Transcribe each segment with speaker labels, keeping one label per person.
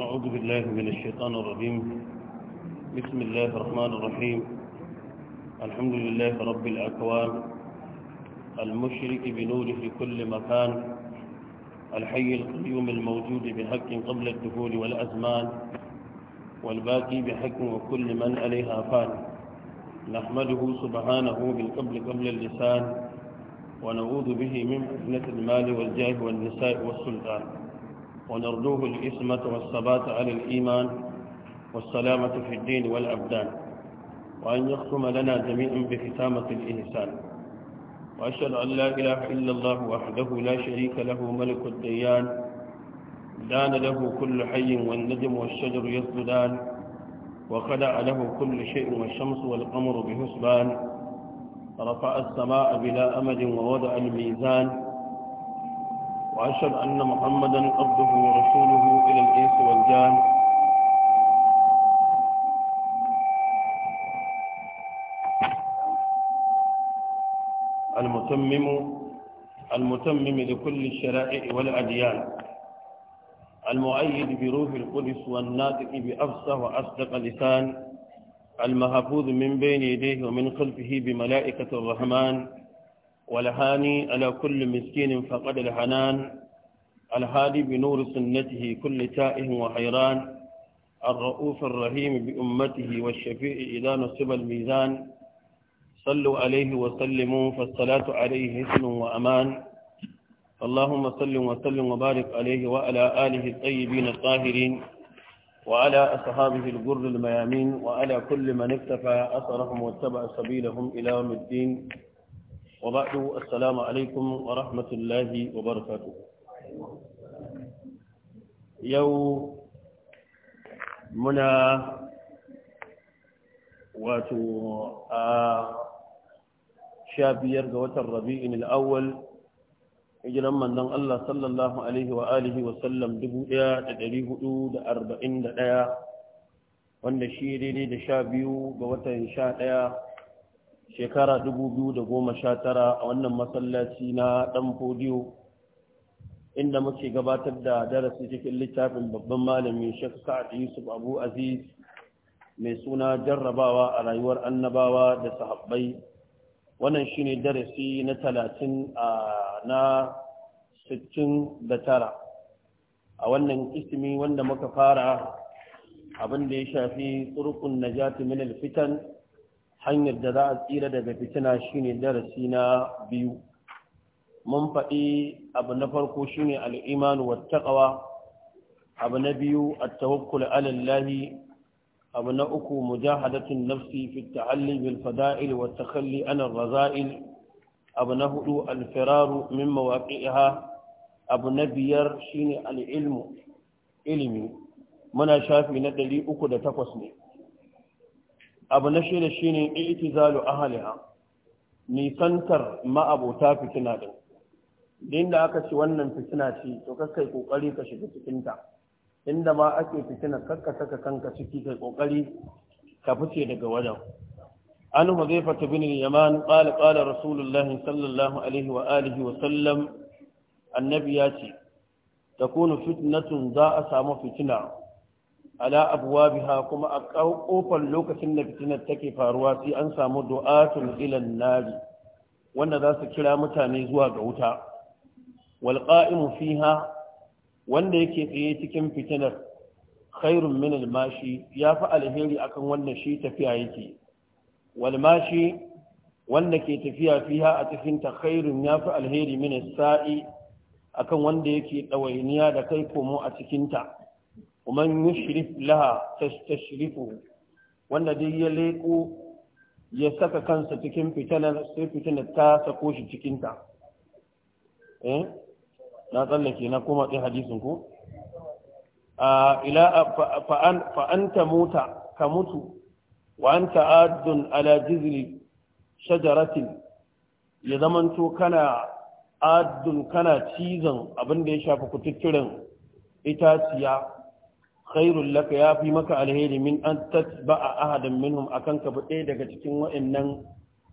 Speaker 1: أعوذ بالله من الشيطان الرجيم بسم الله الرحمن الرحيم الحمد لله رب الأكوان المشرك بنوره في كل مكان الحي القيوم الموجود بحق قبل الدخول والأزمان والباقي بحق وكل من عليها فان نحمده سبحانه بالقبل قبل اللسان ونعوذ به من فتنة المال والجاه والنساء والسلطان ونرجوه الإسمة والثبات على الإيمان والسلامة في الدين والأبدان وأن يختم لنا جميعا بختامة الإنسان وأشهد أن لا إله إلا الله وحده لا شريك له ملك الديان دان له كل حي والنجم والشجر يسجدان وخلع له كل شيء والشمس والقمر بحسبان رفع السماء بلا أمد ووضع الميزان وأشهد أن محمدا عبده ورسوله إلى الإنس والجان المتمم المتمم لكل الشرائع والأديان المؤيد بروح القدس والناطق بأفصح وأصدق لسان المحفوظ من بين يديه ومن خلفه بملائكة الرحمن والهاني على كل مسكين فقد الحنان الهادي بنور سنته كل تائه وحيران الرؤوف الرحيم بأمته والشفيع إذا نصب الميزان صلوا عليه وسلموا فالصلاة عليه حسن وأمان اللهم صل وسلم وبارك عليه وعلى آله الطيبين الطاهرين وعلى أصحابه الجر الميامين وعلى كل من اكتفى أثرهم واتبع سبيلهم إلى يوم الدين وبعد السلام عليكم ورحمة الله وبركاته يو منا واتو شابير ذوات الربيع الأول hijiran manzon Allah sallallahu alaihi wa alihi wa sallam 1441 wanda shi daidai da sha biyu ga watan sha ɗaya shekara biyu da goma sha tara, a wannan masallaci na ɗan fodiyo inda muke gabatar da darasi cikin littafin babban malami Sheikh Sa'ad Yusuf Abu Aziz mai suna jarrabawa a rayuwar annabawa da sahabbai wannan shi ne darasi na 30 na 69 a wannan ismi wanda muka fara abin da ya shafi turqun najati min fitan hanyar da za a tsira daga fitina shine darasi na biyu mun faɗi abu na farko shine al'imanu wattaqawa abu na biyu a tawakkul ala abu na uku mujahadatun nafsi fita ta'alli bil fada'il wa takhalli razail abu na hudu al min mawaqi'iha abu na biyar shine al ilimi muna shafi na 308 ne abu na shida shine i'tizalu ahliha nisantar ma'abota fitina din inda aka ci wannan fitina ce to kai kokari ka shiga cikinta, inda ma ake fitina kakka saka kanka ciki kai ƙoƙari ka fice daga wajen an huzaifa bin yaman qala qala rasulullahi sallallahu alaihi wa alihi wa sallam annabi ya ce takunu fitnatun za a samu fitina ala abwabiha kuma a kofar lokacin da fitinar take faruwa sai an samu du'atun ilan nari wanda za su kira mutane zuwa ga wuta wal qa'imu fiha wanda yake tsaye cikin fitinar khairun min al mashi yafi alheri akan wanda shi tafiya yake wal mashi wanda ke tafiya fiha a cikin ta khairun yafi alheri min as-sa'i akan wanda yake dawainiya da kai komo a cikin ta ومن يشرف لها تستشرفه wanda dai ya leko ya saka kansa cikin sai fitanar ta sako shi cikinta eh na tsallake na koma ɗin hadisin ko a ila fa'anta mota ka mutu wa an ta'addun ala jizli shajaratin ya zamanto kana adun kana cizon abin da ya shafi kututturen itaciya khairul laka fi maka alheri min an tatba'a ahadan minhum akan ka bude daga cikin wayannan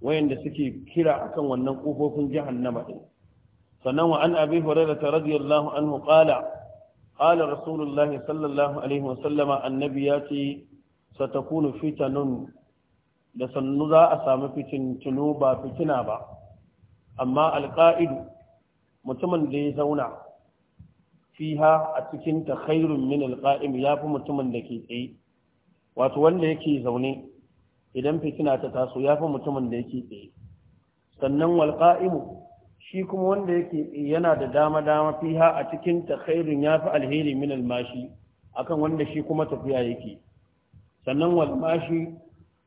Speaker 1: wayanda suke kira akan wannan kofofin jahannama din sannan wa an abi hurairah radiyallahu anhu qala qala rasulullah sallallahu alaihi wa sallama annabi ce satakunu fitanun da sannu za a samu tuno ba fitina ba amma alqa'idu mutumin da ya zauna fiha a cikin ta khairun min alqa'im fi mutumin da ke tsaye wato wanda yake zaune idan fitina ta taso ya fi mutumin da yake tsaye sannan wal shi kuma wanda yake yana da dama dama fiha a cikin ta khairun fi alheri min almashi akan wanda shi kuma tafiya yake sannan walmashi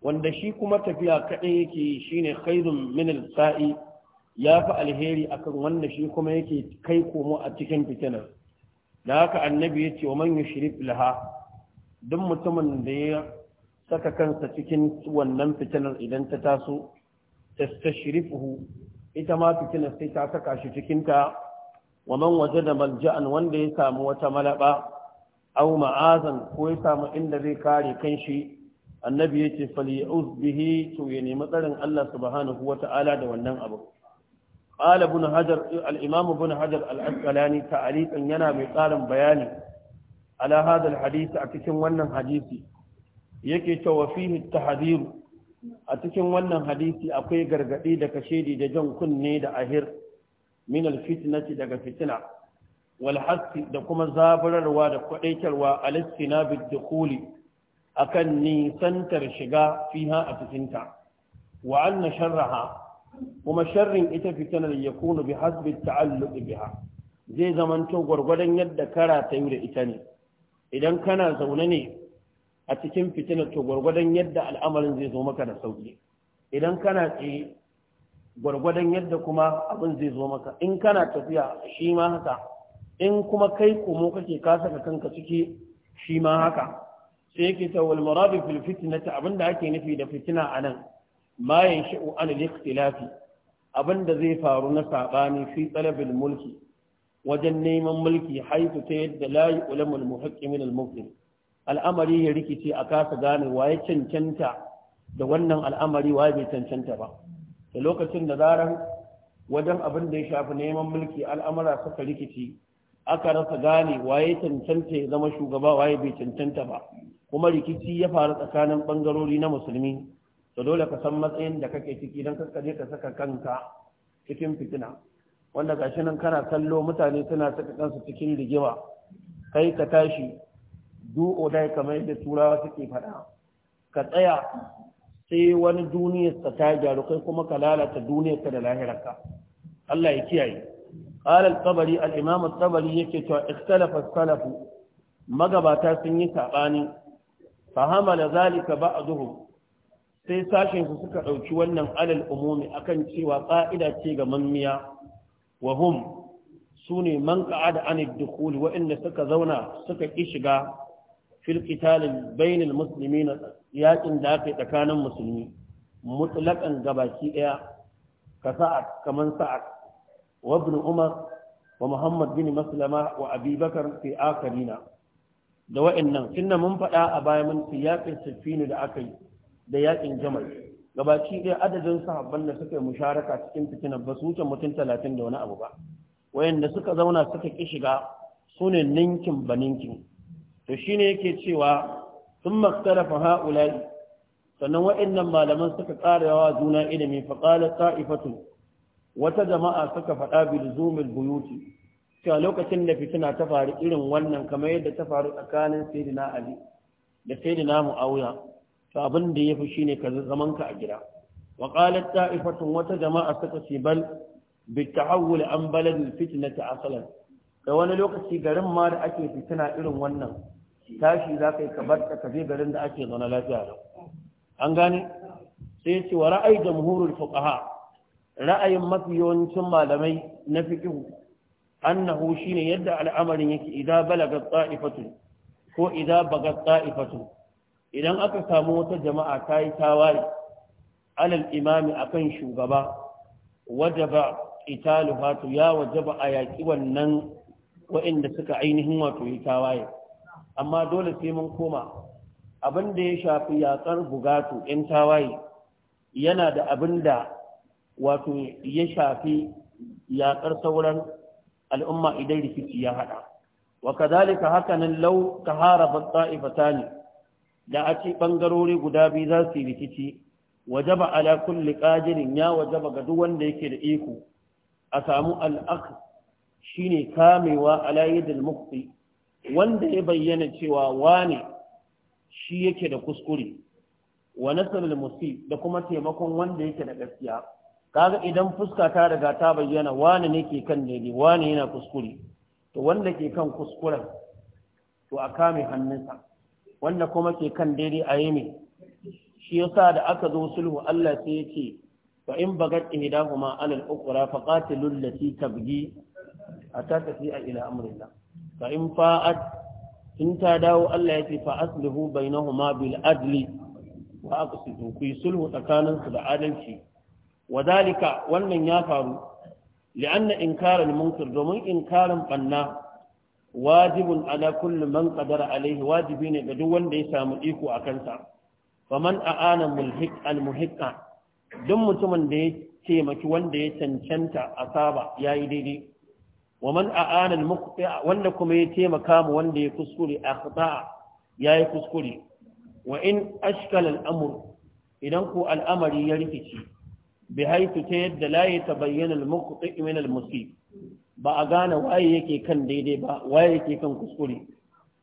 Speaker 1: wanda shi kuma tafiya kaɗai yake shine khairun min al-sa'i ya fi alheri akan wanda shi kuma yake kai komo a cikin fitinar da haka annabi ya ce wa man shirif laha duk mutumin da ya saka kansa cikin wannan fitinar idan ta taso tastashrifuhu ita ma fitinar sai ta saka shi cikin ta wa man da malja'an wanda ya samu wata malaba aw ma'azan ko ya samu inda zai kare kanshi annabi ya ce falyuz bihi to ya nemi tsarin Allah subhanahu wata'ala da wannan abu قال ابن حجر الإمام ابن حجر mai تعليقا ينا بقال بياني على هذا الحديث أتكن ونن حديثي yake cewa fihi tahadiru a cikin wannan hadisi akwai gargadi da kashedi da jan kunne da ahir min alfitnati daga fitina wal hasi da kuma zabararwa da kwadaitarwa alistina bidukhuli akan nisantar shiga fiha a cikinta wa anna sharraha kuma sharrin ita fitanar ya kunu bi hasbi ta'alluqi biha zai to gurgurdan yadda kara ta yi da ita ne idan kana zaune ne a cikin fitinar to gurgurdan yadda al'amarin zai zo maka da sauki idan kana tsaye gurgurdan yadda kuma abin zai zo maka in kana tafiya shi ma haka in kuma kai komo kake ka saka kanka ciki shi ma haka sai yake ta wal muradu fil fitnati abinda ake nufi da fitina anan ma yanshi'u an al abin da zai faru na saɓani fi talabil mulki wajen neman mulki haitu ta yadda layi yu'lamul muhaqqi al-mubtil al'amari ya rikice a kasa gane waye cancanta da wannan al'amari waye bai cancanta ba da lokacin da zaran wajen abin da ya shafi neman mulki al'amura suka rikici aka rasa gane waye cancanta ya zama shugaba waye bai cancanta ba kuma rikici ya faru tsakanin bangarori na musulmi to dole ka san matsayin da kake ciki don je ka saka kanka cikin fitina wanda gashi nan kana kallo mutane suna saka kansu cikin rigima kai ka tashi du'o dai kamar yadda turawa suke faɗa ka tsaya sai wani duniyar ta ta gyaru kai kuma ka lalata duniyar ka da lahirarka Allah ya kiyaye qala al-tabari al-imam al yake cewa ikhtalafa as-salafu magabata sun yi sabani fahamala zalika ba'duhum sai sashen suka ɗauki wannan alal umumi akan cewa ƙa'ida ce ga mammiya wa hum su ne man ka'ada an dukuli waɗanda suka zauna suka ƙi shiga fil qitalin bainal musulmi na yakin da aka yi tsakanin musulmi mutlaƙan gabaki ɗaya ka sa'ad kamar sa'ad wa ibn umar wa muhammad bin maslama wa abubakar fi akarina da waɗannan inna mun faɗa a baya mun yaƙin da aka yi da yakin jamal gabaci ɗaya adadin sahabban da suka yi musharaka cikin fitinar ba su wuce mutum talatin da wani abu ba wayanda suka zauna suka ki shiga su ne ninkin ba ninkin to shine yake cewa sun maktarafa ha'ulai sannan wa'annan malaman suka yawa juna ilimi faƙalar ta'ifatu wata jama'a suka faɗa bilzumil buyuti cewa lokacin da fitina ta faru irin wannan kamar yadda ta faru tsakanin sayyidina ali da sayyidina mu'awiya abin da ya fi shi ne ka zamanka a gida wa ƙalar ta'ifatun wata jama'a suka ce bal bi ta'awul an baladin fitina ta asalan da wani lokaci garin ma da ake fitina irin wannan tashi za ka yi ka bar ka je garin da ake zaune lafiya lau an gane sai ce wa ra'ayi jamhurul fuqaha ra'ayin mafi yawancin malamai na fiqh annahu shine yadda al'amarin yake idan balaga ta'ifatu ko idan baga ta'ifatu idan aka samu wata jama'a ta yi tawaye alal imami a kan shugaba ba italu hatu ya wajaba a yaƙi wannan wa'inda suka ainihin wato yi tawaye amma dole sai mun koma abin da ya shafi yaƙar bugatu yan tawaye yana da abin da wato ya shafi yaƙar sauran al'umma idan rikici ya haɗa wa kadhalika hakanan law taharabat ne. da a ce ɓangarori guda biyu za su yi rikici wajaba ala kulli ƙajirin ya wajaba ga duk wanda yake da iko a samu al'ak shine kamewa ala yadil mukti wanda ya bayyana cewa wane shi yake da kuskure wa nasarar musi da kuma taimakon wanda yake da gaskiya kaga idan fuska ta riga ta bayyana wane ne ke kan daidai wane yana kuskure to wanda ke kan kuskuren to a kame hannunsa wanda kuma ke kan daidai a yi mai shi yasa da aka zo sulhu Allah sai ya ce fa in bagat ihdahuma ala ukhra fa qatilu allati tabghi hatta tafi'a ila amrillah fa in fa'at in ta dawo Allah ya ce fa aslihu bainahuma bil adli wa aqsitu fi sulhu tsakaninsu da adalci wadalika wannan ya faru li'anna inkaral munkar domin inkarin banna wajibun ala kulli man qadara alaihi wajibi ne ga duk wanda ya samu iko a kansa faman a'ana mulhiq almuhiqa duk mutumin da ya taimaki wanda ya cancanta asaba yayi daidai wa man a'ana almuqti'a wanda kuma ya taimaka mu wanda ya kuskure akhta yayi kuskure wa in ashkala al'amr idan ku al'amari ya rikici bi haitu ta yadda la ta bayyana al-muqti min al-musib ba a gane waye yake kan daidai ba waye yake kan kuskure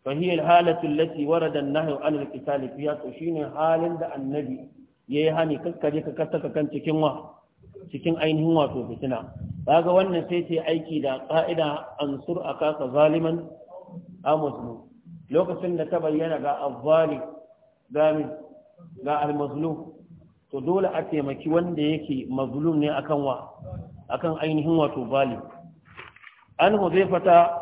Speaker 1: fa hiya al-halatu allati warada an-nahyu 'an al-qitali fiha to shine halin da annabi yayi hani kakkaje ka kasaka kan cikin wa cikin ainihin wato fitina kaga wannan sai ce aiki da qa'ida ansur akaka zaliman amuzlu lokacin da ta bayyana ga azzali gami ga al-mazlum to dole a taimaki wanda yake mazlum ne akan wa akan ainihin wato zalim an huzaifata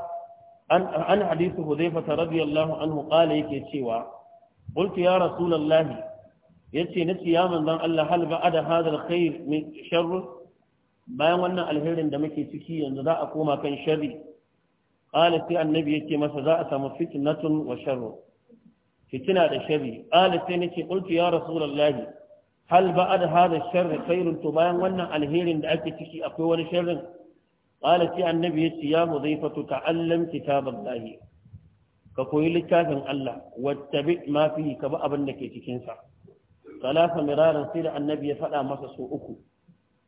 Speaker 1: an hadisu huzaifata radiyallahu anhu qala yake cewa qultu ya rasulullahi yace nace ya manzon Allah hal ba'ada hadha alkhair min sharr bayan wannan alherin da muke ciki yanzu za a koma kan sharri qala sai annabi yace masa za a samu fitnatun wa sharr fitina da sharri qala sai nace qultu ya rasulullahi hal ba'ada hadha alsharr khairun to bayan wannan alherin da ake ciki akwai wani sharrin qala sai annabi yace ya muzaifatu ta'allam kitaballahi ka koyi littafin Allah wattabi ma fihi ka abin da ke cikin sa salasa miraran sai da annabi ya faɗa masa so uku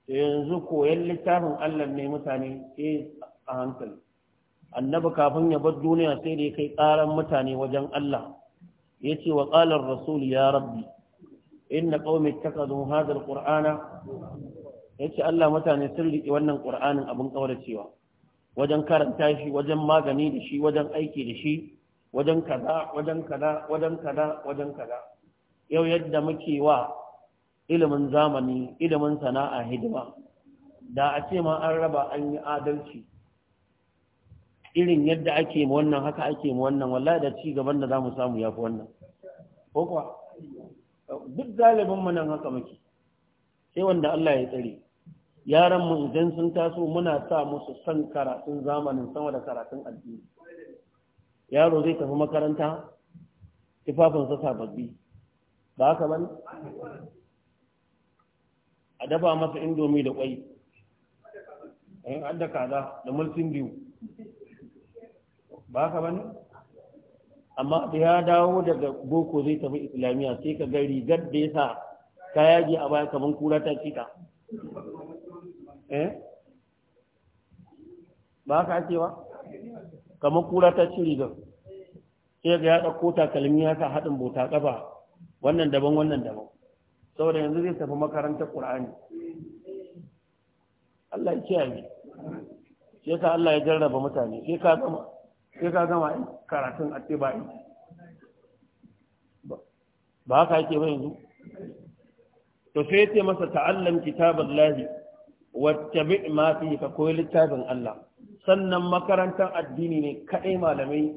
Speaker 1: yanzu koyan littafin Allah ne mutane sai eh, a hankali annabi kafin ya bar duniya sai da ya kai ƙaran mutane wajen Allah ya ce wa ƙalar rasul ya rabbi inna qaumi ittakhadhu hadha alqur'ana yace Allah mutane sun riƙe wannan Qur'anin abin kauracewa wajen karanta shi wajen magani da shi wajen aiki da shi wajen kaza wajen kaza wajen kaza wajen kaza yau yadda muke wa ilimin zamani ilimin sana'a hidima da a ce ma an raba an yi adalci irin yadda ake mu wannan haka ake mu wannan wallahi da ci gaban da zamu samu yafi wannan ko kuwa duk galibin mu nan haka muke sai wanda Allah ya tsare yaran mu idan sun taso muna sa musu son karatun zamanin sama da karatun addini yaro zai tafi makaranta sa sababbi ba haka bane a dafa masa indomi da kwai in eh, an da kaza da mulkin biyu ba haka bane amma da ya dawo daga boko zai tafi islamiyya sai ka ga rigar da ya sa
Speaker 2: ka yaji a baya kamar kura ta cika
Speaker 1: eh ba ka ake ba kamar kura ta ci rigar sai ga ya ɗauko takalmi ya sa haɗin bota ƙafa wannan daban wannan daban saboda yanzu zai tafi makarantar ƙur'ani Allah ya kiyaye sai ka Allah ya jarraba mutane sai ka gama sai ka gama karatun attibai ba ka yake ba yanzu to sai ya ce masa ta'allam kitabullahi wattabi ma fi ka koyi littafin Allah sannan makarantar addini ne kaɗai malamai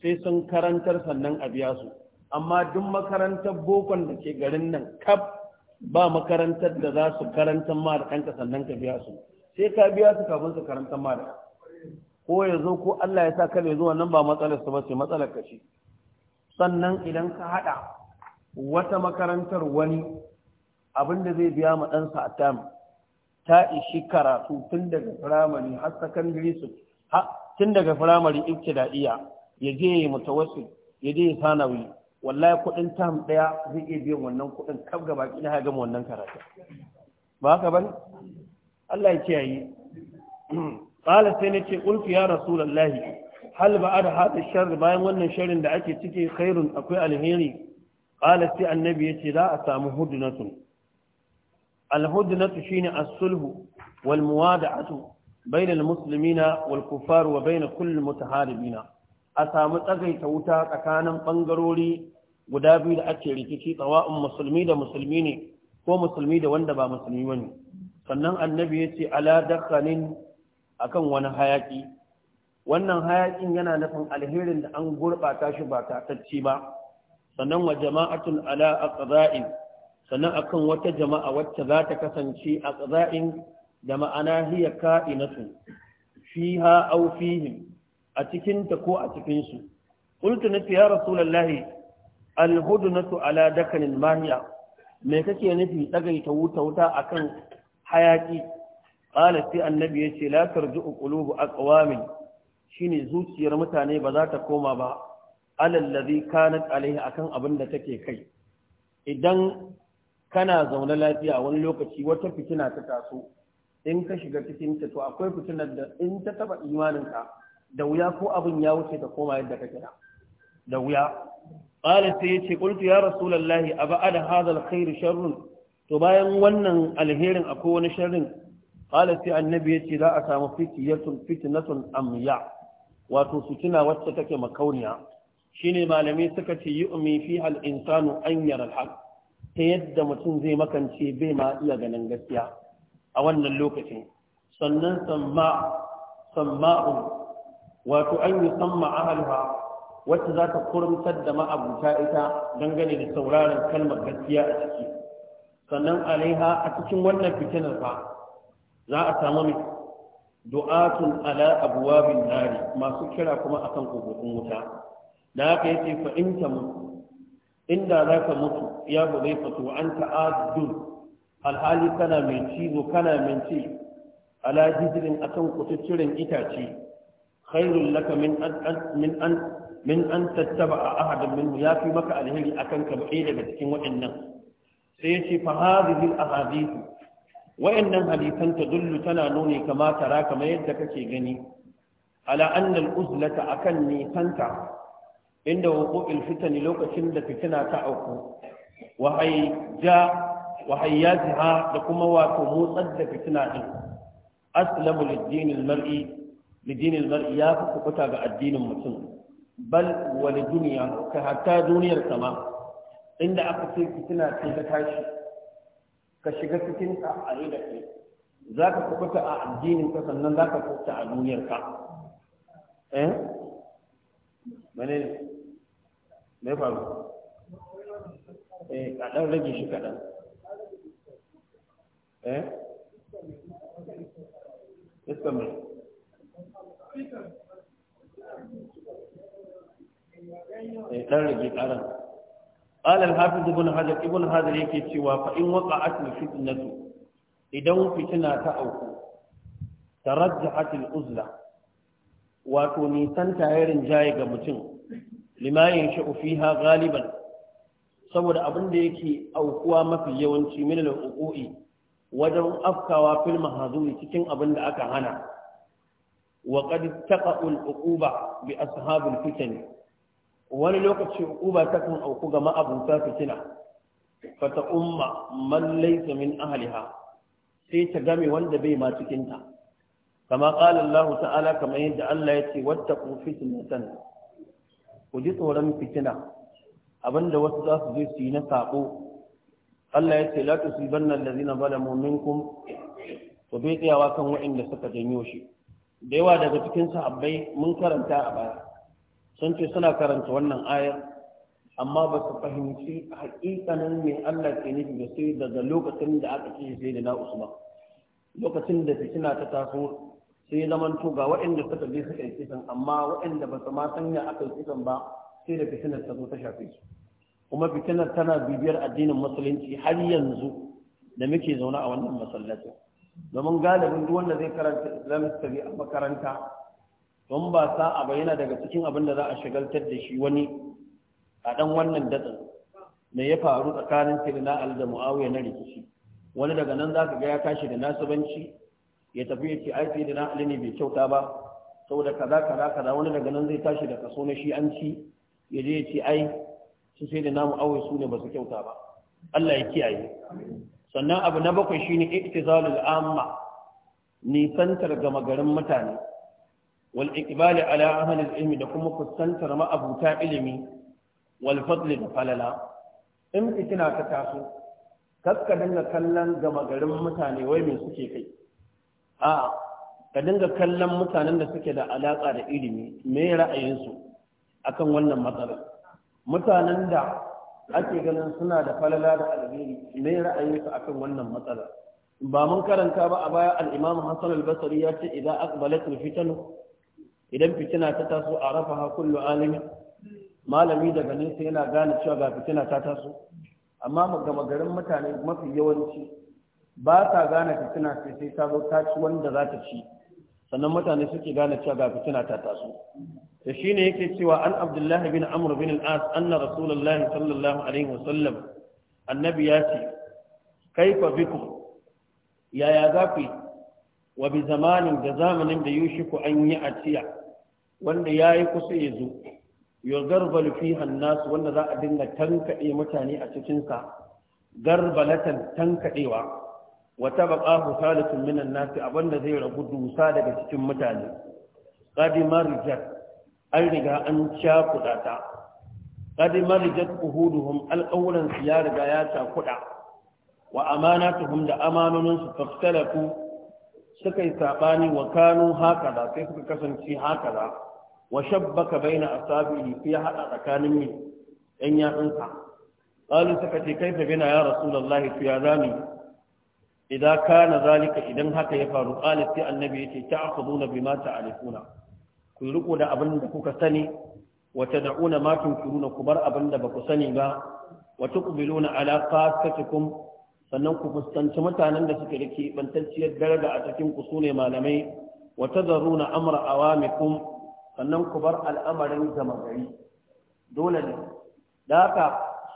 Speaker 1: sai sun karantar sannan a biya su amma duk makarantar bokon da ke garin nan kaf ba makarantar da za su karantar ma da kanka sannan ka biya su sai ka biya su kafin su karantar ma da ko ya zo ko Allah ya sa kada ya zo wannan ba matsalar su ba sai matsalar ka ce sannan idan ka haɗa wata makarantar wani abin da zai biya ma ɗansa a tamu ta ishi karatu tun daga firamare har sakandare su tun daga firamare ibtidaiya ya je ya mutawassil ya je ya sanawi wallahi kuɗin tam ɗaya zai iya biyan wannan kuɗin kaf gaba baki na gama wannan karatu ba ka bane Allah ya kiyaye qala sai ce ulfi ya rasulullahi hal ba'ada hada sharr bayan wannan sharrin da ake cike khairun akwai alheri qala sai annabi ya ce za a samu hudunatun alhudnatu shine as-sulhu wal muwada'atu bainal muslimina wal kuffar wa bain kulli mutaharibina a samu tsagaita wuta tsakanin bangarori guda biyu da ake rikici tsawa'un musulmi da musulmi ne ko musulmi da wanda ba musulmi bane sannan annabi yace ala dakhanin akan wani hayaki wannan hayakin yana nufin alherin da an gurbata shi ba tatacci ba sannan wa jama'atun ala aqda'in sannan akan wata jama'a wacce za ta kasance a tsaza'in da ma'ana hiya ka'inatu fiha aw fihim a cikin ta ko a cikin su qultu na ya rasulullahi alhudnatu ala dakanin mahiya me kake nufi tsagaita wuta wuta akan hayaki qala sai annabi yace la tarju'u qulubu aqwamin shine zuciyar mutane ba za ta koma ba alallazi kanat alaihi akan abin da take kai idan kana zaune lafiya wani lokaci wata fitina ta taso in ka shiga cikin ta to akwai fitinar da in ta taba imaninka da wuya ko abin ya wuce ta koma yadda ka kira da wuya qala sai yace qultu ya rasulullahi aba'ada hadha alkhair sharrun to bayan wannan alherin akwai wani sharrin qala sai annabi yace za a samu fitiyatun fitnatun amya wato fitina wacce take makauniya shine malami suka ce yu'mi fiha al-insanu an yara al-haq ta yadda mutum zai makance bai ma iya ganin gaskiya a wannan lokacin sannan samma'un wato an yi samma ahalha wacce za ta kurmtar da ma'abuta ita dangane da sauraron kalmar gaskiya a ciki sannan alaiha a cikin wannan fitinar fa za a samu mai du'atun ala bin nari masu kira kuma a kan kogogin wuta da haka yace fa inda za ka mutu ya hudayfa to an addun alhali kana mai cizo kana min ci ala jizirin akan kututturen itace khairul laka min an min an min an tattaba ahadan yafi maka alheri akan ka bai daga cikin waɗannan sai ce fa hadhihi alahadith wayannan hadisan tadullu tana nuni kama tara kamar yadda kake gani ala anna al-uzlata akan nisanta inda wuqu'il fitani lokacin da fitina ta auku ja, ya wahayyatiha da kuma wato motsar da fitina din aslamu lidinil mar'i lidinil mar'i ya fi kukuta ga addinin mutum bal wani duniya ka hatta duniyar sama inda aka ce fitina ce ta tashi ka shiga cikin ka a da kai za ka kukuta a addinin ka sannan za ka kukuta a duniyar ka eh mene ne me faru eh a ɗan rage shi kaɗan eh iska mai eh ɗan rage ƙaran قال الحافظ ابن حجر ابن حجر yake cewa fa in waqa'at fitnatu idan fitina ta auku tarajjahat uzla wato nisan tayarin jaye ga mutum lima yanshu fiha galiban saboda abin da yake aukuwa mafi yawanci min al-uqu'i wajen afkawa fil mahzuri cikin abin da aka hana wa qad taqa'u al-uquba bi al fitan wani lokaci uquba takan auku ga ma'abuta fitina ta umma man laysa min ahliha sai ta game wanda bai ma cikin ta kama qala Allah ta'ala kamar yadda Allah ya ce wattaqu fitnatan ku ji tsoron fitina abinda wasu za su je su yi na sako Allah ya ce la tusibanna lazina zalamu minkum to bai tsayawa kan waɗanda suka janyo shi da yawa daga cikin sahabbai mun karanta a baya sun ce suna karanta wannan ayar amma ba su fahimci haƙiƙanin mai Allah ke nufi da sai daga lokacin da aka ce sai da na Usman lokacin da fitina ta taso sai ya zama to ga waɗanda suka je suka yi kisan amma waɗanda ba su ma sanya aka yi kisan ba sai da fitinar ta zo ta shafe su kuma fitinar tana bibiyar addinin musulunci har yanzu da muke zaune a wannan masallacin domin galibin duk wanda zai karanta islamic a makaranta don ba sa ba yana daga cikin abin da za a shagaltar da shi wani a dan wannan datsin me ya faru tsakanin sirina al da muawiya na rikici wani daga nan zaka ga ya tashi da nasibanci ya tafi ya ce ai sirina ali ne bai kyauta ba saboda kaza kaza kaza wani daga nan zai tashi da kaso na shi an ci ya je ya ce ai su sai da namu awai su ne ba su kyauta ba Allah ya kiyaye sannan abu na bakwai shine iktizalul amma nisantar gama garin mutane wal iqbal ala ahli ilmi da kuma kusantar ma'abuta ilimi wal fadl da falala in fitina ta taso kakka dinga kallon gama garin mutane wai me suke kai a ka dinga kallon mutanen da suke da alaka da ilimi me ra'ayinsu akan wannan matsalar mutanen da ake ganin suna da falala da alheri me ra'ayinsu akan wannan matsalar ba mun karanta ba a baya al-Imam Hassan al-Basri ya ce idan aqbalat al-fitan idan fitina ta taso a rafaha kullu alimi malami daga nesa yana gane cewa ga fitina ta taso amma ga magarin mutane mafi yawanci ba ta gane fitina sai sai ta zo ta ci wanda za ta ci sannan mutane suke gane cewa ga fitina ta taso da shi ne yake cewa an abdullahi bin amr bin al'as anna rasulullahi sallallahu alaihi wasallam annabi ya ce kaifa bikum yaya za ku wa bi zamanin da zamanin da yushiku an yi atiya wanda ya yi kusa ya zo yurgarbalu fi hannasu wanda za a dinga tankaɗe mutane a cikinsa garbalatan tankaɗewa wata baƙa husalatun minan nasi abinda zai ragu dusa daga cikin mutane qadimarjat an riga an cakuɗa ta qad marijat uhuduhum alƙawuransu ya riga ya cakuɗa wa amana tuhum da amanoninsu su faftalaku suka yi sabani wa kanu da, sai suka kasance da. wa shabbaka baina asabihi ya haɗa tsakanin mu yan yatsunsa qalu suka ce kaifa bina ya rasulullahi fi azami idan kana zalika idan haka ya faru qala sai annabi ta na ta'khuduna bima alifuna ku riko da abin da kuka sani wa da'una ma tunkiruna ku bar abin da baku sani ba ku wa tuqbiluna ala fasatikum sannan ku fuskanci mutanen da suke da bantacciyar daraja a cikin ku ne malamai wa tadaruna amra awamikum sannan ku bar al'amarin zama gari dole ne da haka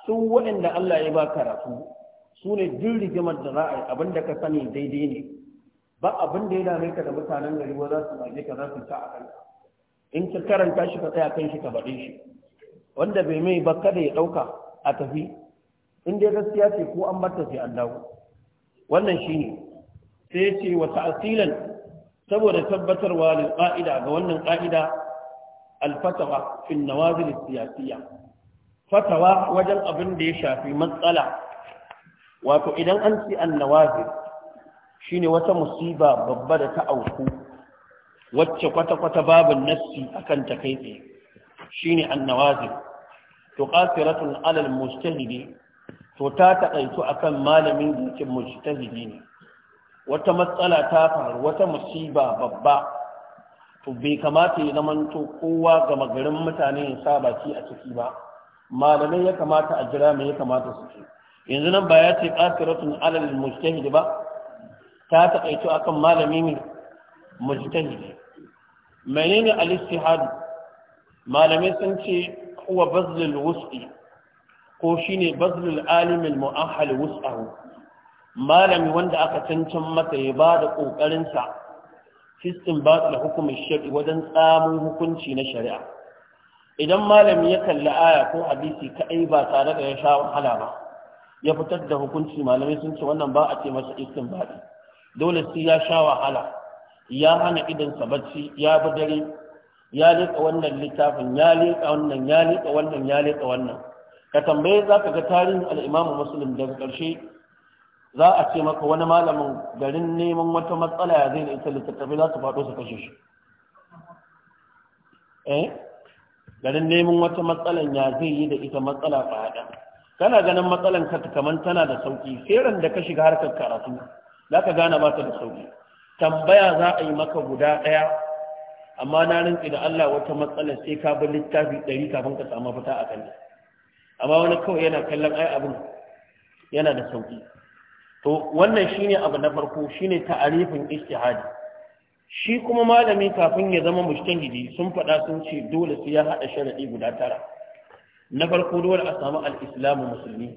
Speaker 1: su waɗanda Allah ya ba karatu su ne duk rigimar da za abin da ka sani daidai ne ba abin da ya dame ka da mutanen gari ba za su zage ka za su ta a kanka in ka karanta shi ka tsaya kan shi ka baɗe shi wanda bai mai ba kada ya ɗauka a tafi in dai gaskiya ce ko an barta sai an dawo wannan shi ne sai ya ce wata asilan saboda tabbatarwa da ƙa'ida ga wannan ƙa'ida alfatawa fin nawazil siyasiya fatawa wajen abin da ya shafi matsala wato idan an ci annawazil shine wata musiba babba da ta auku wacce kwata-kwata babin nassi akan ta kai tsaye shine annawazil to qasiratun alal mujtahidi to ta taƙaitu akan malamin dinkin mujtahidi ne wata matsala ta faru wata musiba babba to bai kamata ya to kowa gama garin mutane ya sa baki a ciki ba malamai ya kamata a jira mai ya kamata su ce yanzu nan ba ya ce qasiratun alal mujtahidi ba ta taƙaitu akan malami ne mujtahidi menene al-istihad malamai sun ce huwa bazlul wus'i ko shine bazlul alim al-mu'ahhal wus'ahu malami wanda aka cancan masa ya ba da kokarin sa fistin ba da hukumin shari'a wajen tsamin hukunci na shari'a idan malami ya kalli aya ko hadisi kaɗai ba tare da ya sha wahala ba ya fitar da hukunci malamai sun ce wannan ba a ce masa istinbadi dole sai ya sha wahala ya hana idansa bacci ya bi dare ya leƙa wannan littafin ya leƙa wannan ya leƙa wannan ya leƙa wannan ka tambaye za ka ga tarihin al'imamu musulun daga ƙarshe za a ce maka wani malamin garin neman wata matsala ya zai da ita littattafai za su faɗo su kashe shi Eh? garin neman wata matsalan ya zai yi da ita matsala ba haɗa. kana ganin matsalan ka kaman tana da sauki sai da ka shiga harkar karatu za ka gane ba ta da sauki tambaya za a yi maka guda ɗaya amma na rantsi da Allah wata matsala sai ka bi littafi ɗari kafin ka samu fita a kanta amma wani kawai yana kallon ai abin yana da sauƙi to wannan shine abu na farko shine ta'arifin ijtihadi shi kuma malami kafin ya zama mujtahidi sun faɗa sun ce dole sai ya haɗa sharadi guda tara na farko dole a samu al-islamu musulmi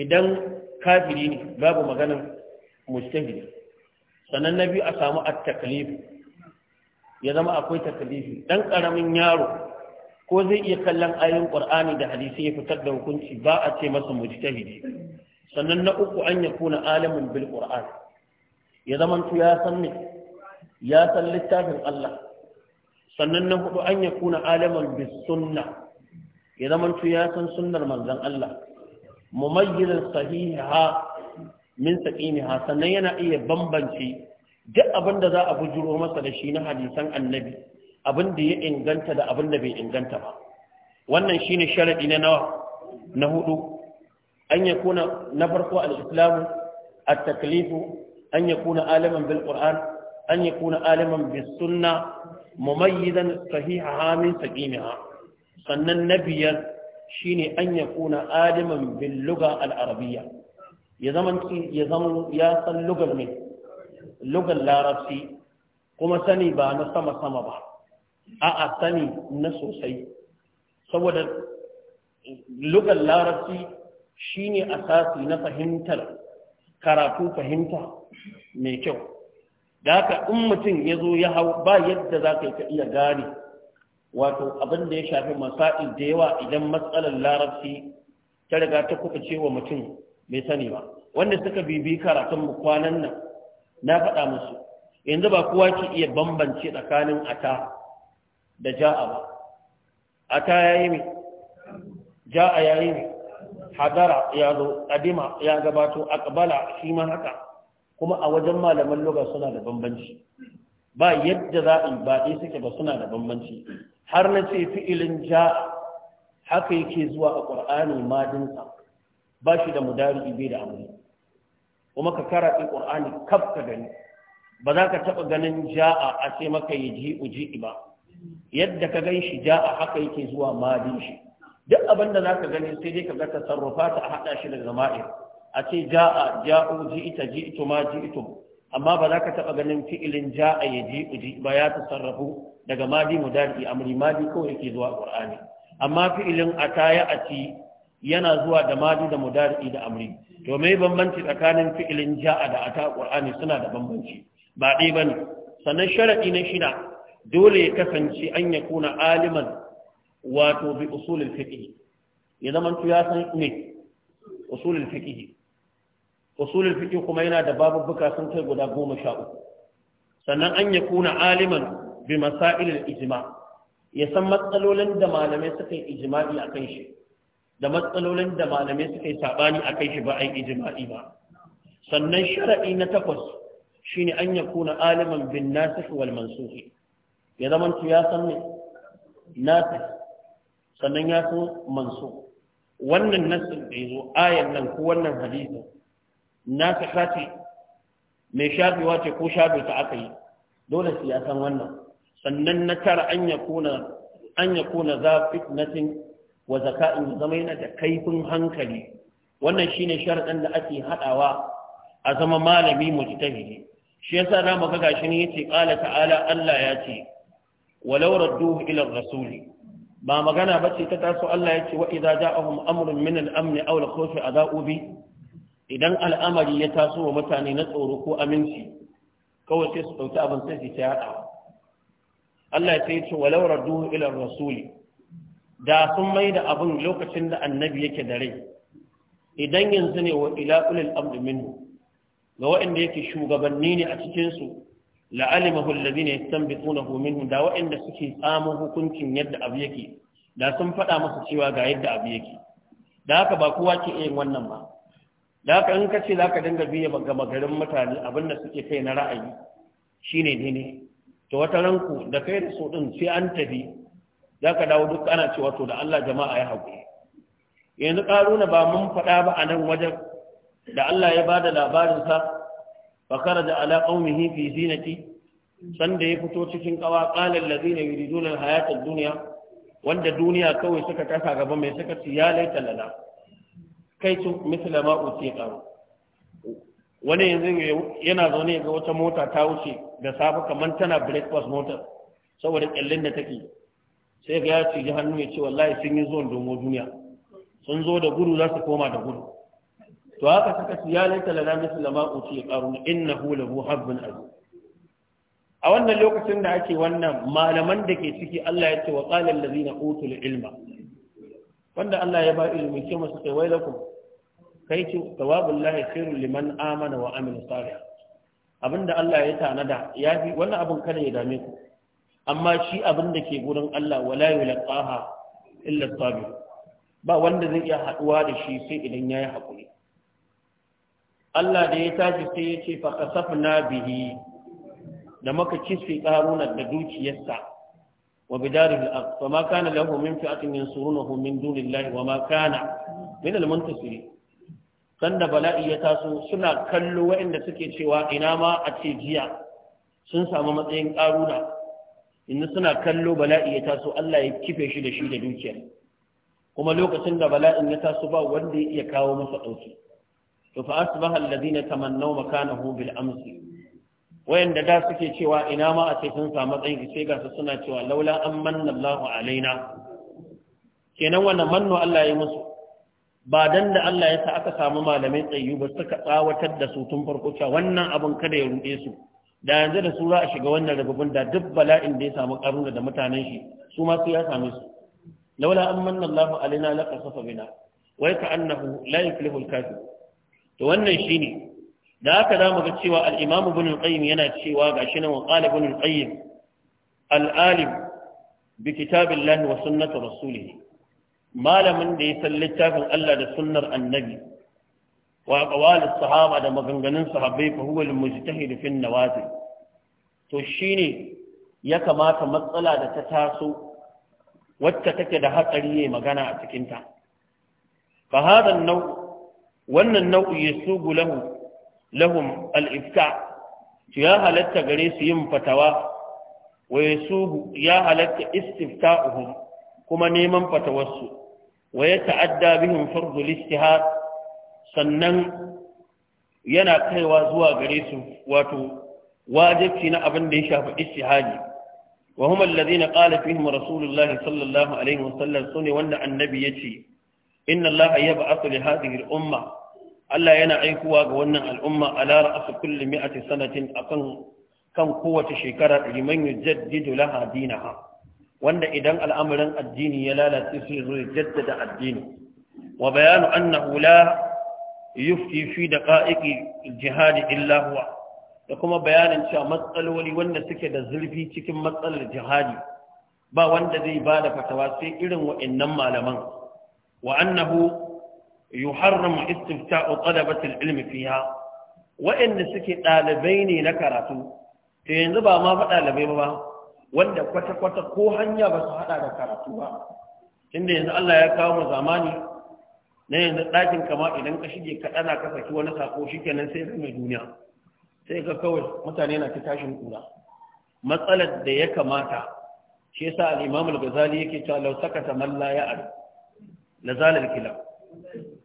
Speaker 1: idan kafiri ne babu maganar mujtahidi sannan na biyu a samu at-taklifi ya zama akwai taklifi dan karamin yaro ko zai iya kallon ayoyin qur'ani da hadisi ya fitar da hukunci ba a ce masa mujtahidi sannan na uku an ya kuna alamin bil qur'an ya zama ya san ne ya san littafin Allah sannan na hudu an ya kuna alaman bis sunna ya zamantu ya san sunnar manzan Allah mumayyirin sahiha min saqimiha sannan yana iya bambance duk abin da za a bujuro masa da shi na hadisan annabi abin da ya inganta da abin da bai inganta ba wannan shine sharaɗi na nawa na hudu an kuna na farko al islam at-taklifu an kuna aliman bil qur'an an kuna aliman bis sunna mumayyidan sahihaha min saqimiha sannan shi shine an kuna aliman bil al ya zama ya ya san lugar ne lugar larabci kuma sani ba na sama sama ba a'a sani na sosai saboda lugar larabci shine asasi na fahimtar karatu fahimta mai kyau da haka in mutum ya zo ya hau ba yadda za ka iya gane wato abin da ya shafi masa'il da yawa idan matsalar larabci ta riga ta kuka cewa mutum bai sani ba wanda suka bibi karatun mu kwanan nan na faɗa musu yanzu ba kowa ke iya bambance tsakanin ata da ja'a ba ata yi mai, ja'a ya yi mai. hadara ya zo ƙadima ya gabato ƙabala shi ma haka kuma a wajen malaman loga suna da bambanci ba yadda za a ba ɗaya suke ba suna da bambanci har na ce fi'ilin ja'a haka yake zuwa a ƙur'ani madinsa ba shi da mudari bai da amri kuma ka karatu qur'ani kaf ka gani ba za ka taɓa ganin ja'a a ce maka ya ji uji ba yadda ka gan shi ja'a haka yake zuwa madin shi duk abin da za ka gani sai dai ka ga tasarrufa ta a haɗa shi da zama'ir a ce ja'a ja'u ji ita ji ito ma ji ito amma ba za ka taɓa ganin fi'ilin ja'a ya ji uji ba ya tasarrafu daga madi mudari amri madi kawai yake zuwa qur'ani amma fi'ilin ataya ati yana zuwa da madu da mudari da amri to mai bambanci tsakanin fi'ilin ja'a da ata qur'ani suna da bambanci ba dai bane sannan sharadi na shida dole ya kasance an ya kuna aliman wato bi usulul fiqh ya zaman ya san ne usulul fiqh usulul fiqh kuma yana da babubuka sun kai guda 13 sannan an ya kuna aliman bi masailil ijma ya san matsalolin da malamai suka yi ijma'i akan shi da matsalolin da malamai suka yi saɓani a kai shi ba a yi ijima'i ba sannan shara'i na takwas shi ne an ya kuna aliman bin nasikh wal mansukh ya zaman ya san nasikh sannan ya san mansukh wannan nasin da yazo ayan nan ko wannan hadisin nasikha ce mai shafewa ce ko shafe ta aka yi dole sai ya san wannan sannan na tara an ya kuna an ya kuna za fitnatin wa in zama yana da kaifin hankali wannan shine sharaɗin da ake haɗawa a zama malami mujtahidi shi yasa na maka gashi ne yace qala ta'ala Allah ya ce walau radduhu ila rasuli ba magana bace ta taso Allah ya ce wa idza ja'ahum amrun min al-amn aw al-khawf adau bi idan al'amari ya taso wa mutane na tsoro ko aminci kawai sai su dauki abin sai su ta yada Allah ya ce walau radduhu ila rasuli da sun mai da abin lokacin da annabi yake da rai idan yanzu ne wa ila ulil amri ga waɗanda yake shugabanni ne a cikinsu la'alimahu alladhina yastanbitunahu minhu da waɗanda suke tsamun hukuncin yadda abu yake da sun faɗa masa cewa ga yadda abu yake da haka ba kowa ke yin wannan ba da haka in ka ce za ka dinga biya ga magarin mutane abin da suke kai na ra'ayi shine ne to wata ranku da kai da su din sai an tafi za ka dawo duk ana cewa to da Allah jama'a ya haƙuri yanzu ƙaruna ba mun faɗa ba a nan wajen da Allah ya ba da labarinsa fa kharaja ala qaumihi fi zinati sanda ya fito cikin kawa qalal ladina yuriduna hayata ad-dunya wanda duniya kawai suka tasa gaba mai suka ci ya laita lana kai su misla ma uti qaru wani yanzu yana zaune ga wata mota ta wuce da safa kamar tana breakfast motor saboda kyallin da take sai ga ya ciji hannu ya ce wallahi sun yi zuwan domo duniya sun zo da gudu za su koma da gudu to haka saka su ya laita lana misal ma uti qarun innahu lahu habbun azim a wannan lokacin da ake wannan malaman da ke ciki Allah ya ce wa qala allazina utul ilma wanda Allah ya ba ilimi ke masu kai wailakum kai ce tawabullahi khairul liman amana wa amila salih abinda Allah ya tanada ya fi wannan abin kada ya dame ku amma shi abin da ke gurin Allah wala yulqaha illa sabir ba wanda zai iya haduwa da shi sai idan yayi hakuri Allah da ya tashi sai ya ce fa kasafna bihi da maka kisfi karuna da dukiyarsa wa bidaril ard fa ma kana lahu min fi'atin yansurunahu min dunillahi wa ma kana min al sanda bala'i ya taso suna kallo waɗanda suke cewa ina ma a ce jiya sun samu matsayin ƙaruna inda suna kallo bala'i ya taso Allah ya kife shi da shi da dukiya kuma lokacin da bala'in ya taso ba wanda ya iya kawo masa dauki. to fa asbaha alladhina tamannaw makanahu bil amsi wayanda da suke cewa ina ma a cikin sa matsayin sai ga su suna cewa laula an manna Allahu alaina kenan wannan manno Allah ya musu ba dan da Allah ya sa aka samu malamai tsayyu ba suka tsawatar da su tun farko cewa wannan abin kada ya ruɗe su da yanzu da sura a shiga wannan rababin da duk bala'in da ya samu karuna da mutanen shi su ma su ya same su laula an manna Allahu alaina la qasafa bina wai ka annahu la yuflihul kafir to wannan shine da haka za mu ga cewa al-Imam Ibn al-Qayyim yana cewa gashi nan wa qala Ibn al-Qayyim al-alim bi kitabillahi wa sunnati rasulih malamin da ya san littafin Allah da sunnar annabi wa sahaba da maganganun sahabbai fa huwa al-mujtahid fi an-nawazil to shine ya kamata matsala da ta taso wacce take da hatsari ne magana a cikin ta fa hada wannan nau'i yasugu lahu lahum al-ifta ya halatta gare su yin fatawa wa yasugu ya halatta istifta'uhum kuma neman fatawarsu wa ya ta'adda bihim fardul istihad sannan yana kaiwa zuwa gare su wato wajibci na abin da ya shafi istihadi wa hum alladhina qala fihim rasulullahi sallallahu alaihi sallam sune wanda annabi yace inna allaha yab'athu li hadhihi al-umma Allah yana aikuwa ga wannan al'umma ala ra'su kulli mi'ati sanatin akan kan kowace shekara liman yujaddidu laha dinaha wanda idan al'amarin addini ya lalace sai zo jaddada addini wa bayanu annahu la yufti fi da jihad jihadi huwa da kuma bayanin cewa matsaloli wanda suke da zurfi cikin matsalar jihadi ba wanda zai ba da fatawa sai irin wa'annan malaman wa annahu yuharramu istifta'u talabati al-ilmi fiha Wa'inda suke dalibai ne na karatu to yanzu ba ma fa dalibai ba wanda kwata kwata ko hanya ba su haɗa da karatu ba tunda yanzu Allah ya kawo mu zamani na yanzu ɗakin kama idan ka shige ka ɗana ka saki wani sako shi kenan sai zai mai duniya sai ga kawai mutane na ta tashin kura matsalar da ya kamata shi yasa al gazali ghazali yake cewa law sakata man la ya'lam la zalal kila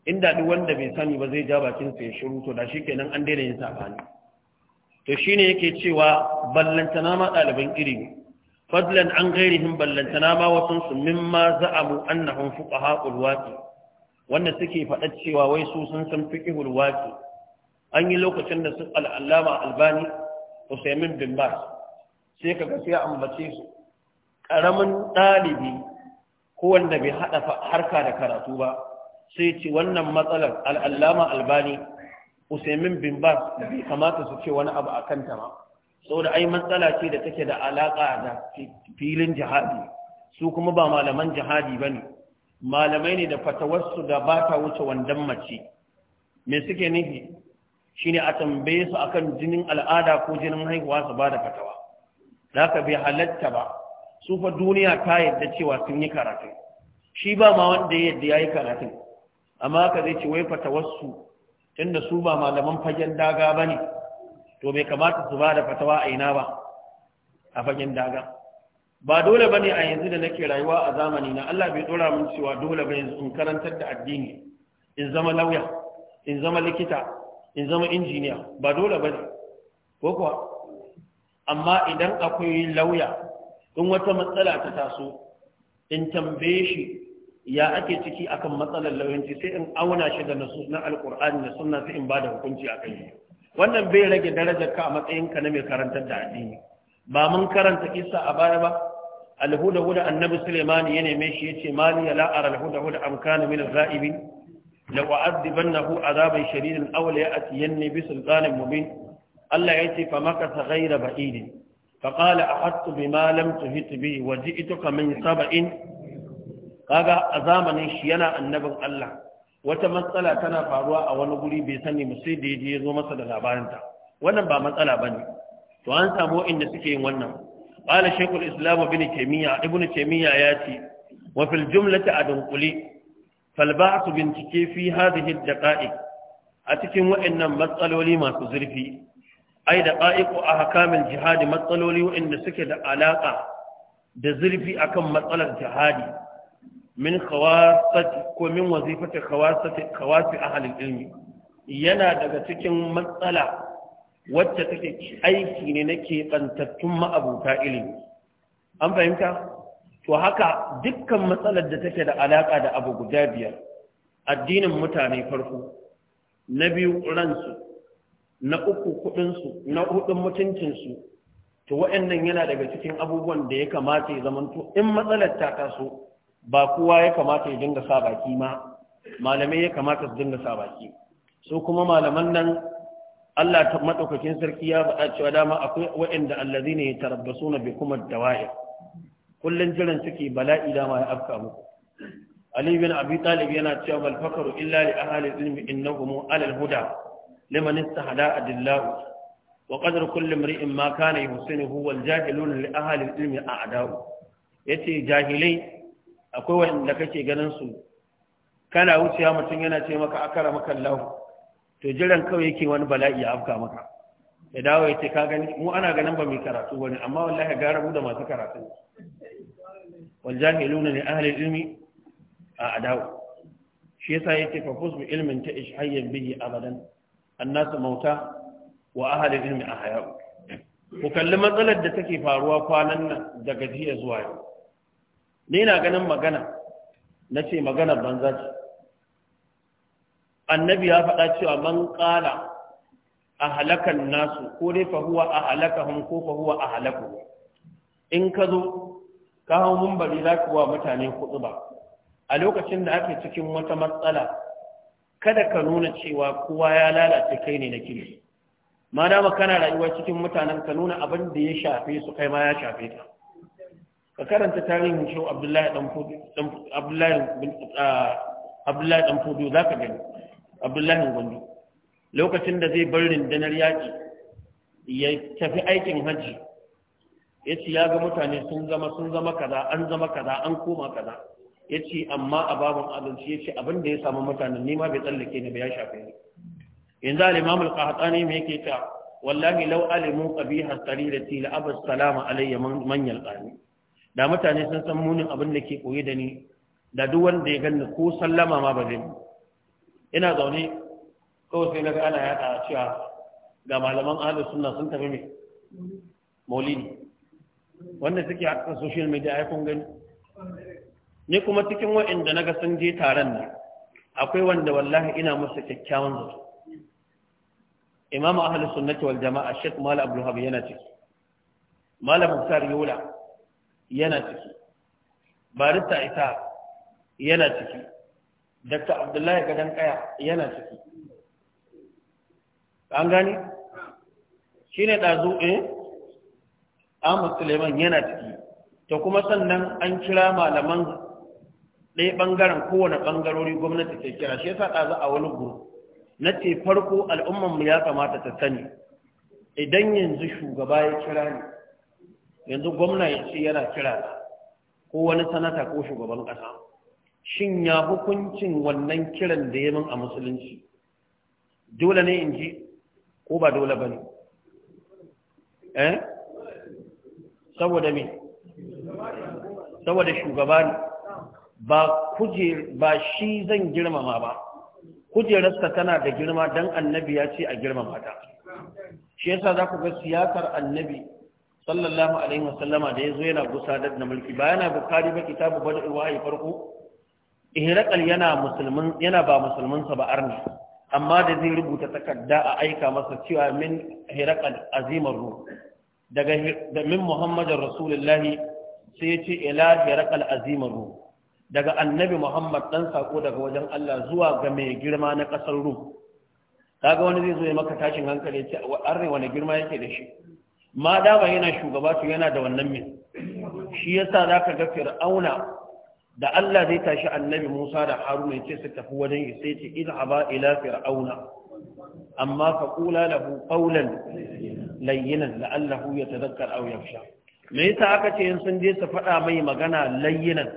Speaker 1: inda duk wanda bai sani ba zai ja bakin sa ya shiru to da shikenan an daina yin sabani to shine yake cewa ballantana ma iri ne, fadlan an ghairihim ballantana ma wasun su mimma za'amu annahum fuqaha ulwati wanda suke faɗa cewa wai su sun san fiqhul waqi an yi lokacin da su al albani Usaimin bin Bas sai kaga sai ambace su Ƙaramin ɗalibi, ko wanda bai haɗa harka da karatu ba sai ce wannan matsalar al albani Usaimin bin Bas bai kamata su ce wani abu a kanta ba saboda ai matsala ce da take da alaƙa da filin jihadi su kuma ba malaman jihadi ba ne. malamai ne da fatawarsu da ba ta wuce wandan mace me suke nufi shine a tambaye su akan jinin al'ada ko jinin haihuwa su ba da fatawa da ka bai halatta ba su fa duniya ta yadda cewa sun yi karatu shi ba ma wanda ya yadda ya yi karatu amma ka zai ce wai fatawarsu tunda su ba malaman fagen daga ba ne to bai kamata su ba da fatawa a ina ba a fagen daga ba dole bane a yanzu da nake rayuwa a zamani na Allah bai dora mun cewa dole ba yanzu in karantar da addini in zama lauya in zama likita in zama injiniya ba dole bane ko kuwa amma idan akwai lauya in wata matsala ta taso in tambaye shi ya ake ciki akan matsalar lauyanci sai in auna shi da nasu na alkur'ani da sunna sai in bada hukunci a kai wannan bai rage darajar ka a matsayinka na mai karantar da addini ba mun karanta kissa a baya ba alhuda huda annabi Suleimani ya neme shi yace mali ya la'ar alhuda huda am kana min al-ghaibi law a'adibannahu azaban shadidan aw la ya'tiyanni bi sultanin mubin Allah yace fa makatha ghayra ba'id fa qala ahattu bima lam tuhit bi wa ji'tuka min sab'in kaga a zamanin shi yana annabin Allah wata matsala tana faruwa a wani guri bai sani mu sai da ya zo masa da labarinta wannan ba matsala bane to an samu inda suke yin wannan قال شيخ الإسلام ابن تيمية ابن تيمية ياتي وفي الجملة أدنقلي فالبعث بنتكي في هذه الدقائق أتكم وإن مطلوا لي ما تزرفي أي دقائق أحكام الجهاد مطلوا لي وإن سكد علاقة دزرفي أكم مطلع جهادي من خواصة ومن وظيفة خواصة خواص أهل العلم yana daga cikin matsala wacce take aiki ne na keɓantattun ma'abuta ilimi an fahimta to haka dukkan matsalar da take da alaƙa da abu guda biyar addinin mutane farko na biyu ransu na uku kuɗinsu na hudun mutuncinsu to wa'annan yana daga cikin abubuwan da ya kamata ya zamanto in matsalar ta taso ba kowa ya kamata ya dinga sa baki ma malamai ya kamata su dinga sa baki su kuma malaman nan Allah ta madaukakin sarki ya faɗa cewa dama akwai waɗanda tarabbasu yatarabbasuna bikum da dawai Kullum jiran suke bala'i dama ya afka muku Ali bin Abi Talib yana cewa bal fakaru illa li ahli ilmi innahum ala al-huda liman istahda adillahu wa qadru kulli imri'in ma kana yusinuhu wal jahilun li ahli ilmi a'da'u yace jahilai akwai waɗanda kake ganin su kana wuciya mutum yana ce maka akara maka lahu to jiran kawai yake wani bala'i ya afka maka ya dawo ya ce ka gani mu ana ganin ba mai karatu bane amma wallahi gara mu da masu karatu wal jahiluna li ahli ilmi a adaw shi yasa yake fa fus bi ilmin ta ishayyan bihi abadan annasu mauta wa ahli ilmi ahya ku kalli matsalar da take faruwa kwanan nan daga jiya zuwa yau ni na ganin magana na ce maganar banza ce annabi ya faɗa cewa man ƙala a halakan nasu ko dai fahuwa a halakahun ko fahuwa a halaku in ka zo ka hau mumbari za ka wa mutane kuɗu ba a lokacin da ake cikin wata matsala kada ka nuna cewa kowa ya lalace kai ne na kiri ma dama kana rayuwa cikin mutanen ka nuna abin da ya shafe su kai ma ya shafe ta ka karanta tarihin shehu abdullahi dan ah, za ka gani abdullahi gwandu lokacin da zai bar rindanar yaƙi ya tafi aikin hajji ya ce ya ga mutane sun zama sun zama kaza an zama kaza an koma kaza ya ce amma a babin abinci ya ce abin da ya samu mutanen nema bai tsallake ni ba ya shafe ni yanzu al'imamul ne me yake ta wallahi law alimu qabiha da la abas salama alayya manyan yalqani da mutane sun san munin abin da ke koyi da ni da duk wanda ya ganni ko sallama ma ba zai ina zaune kawai sai ga ana yada cewa ga malaman ahlus sunna sun tafi mai maulidi wanda suke a kan social media ai kun gani ni kuma cikin wa'inda naga sun je taron nan akwai wanda wallahi ina musu kyakkyawan zato imamu ahlus sunna wal jama'a Sheikh Malam Abdul Habib yana ciki Malam Mukhtar yula yana ciki barista Isa yana ciki Dr. Abdullahi Gadon Kaya yana ciki. An gani? Shi ne ɗazu eh? Ahmad Suleiman yana ciki. Ta kuma sannan an kira malaman ɗaya ɓangaren kowane ɓangarori gwamnati ke kira. Shi yasa ɗazu a wani guru. Na ce farko al'ummanmu ya kamata ta sani. Idan yanzu shugaba ya kira ni, yanzu gwamna ya ce yana kira ko wani sanata ko shugaban ƙasa. shin ya hukuncin wannan kiran da ya min a musulunci dole ne in ji ko ba dole ba ne eh saboda me saboda shugaba ne ba kuje ba shi zan girmama ba kujerarsa tana da girma dan annabi ya ce a girmama ta shi yasa za ku ga siyasar annabi sallallahu alaihi wasallama da ya zo yana gusa da mulki ba yana bukari ba kitabu bada'ul wahayi farko ihrakal yana musulmin yana ba musulmin sa ba arni amma da zai rubuta takarda a aika masa cewa min ihrakal azimar ruh daga da min muhammadin rasulullahi sai ya ce ila ihrakal azimar ruh daga annabi muhammad dan sako daga wajen Allah zuwa ga mai girma na kasar ruh kaga wani zai zo ya maka tashin hankali ya ce arni wani girma yake da shi ma yana shugaba to yana da wannan min. shi yasa zaka ga fir'auna da Allah zai tashi annabi Musa da Haruna ce su tafi wajen Isaiti sai ce idhaba ila fir'auna amma fa qula lahu qawlan layyinan la'allahu yatadhakkar aw yakhsha me yasa aka ce in sun je su faɗa mai magana layyinan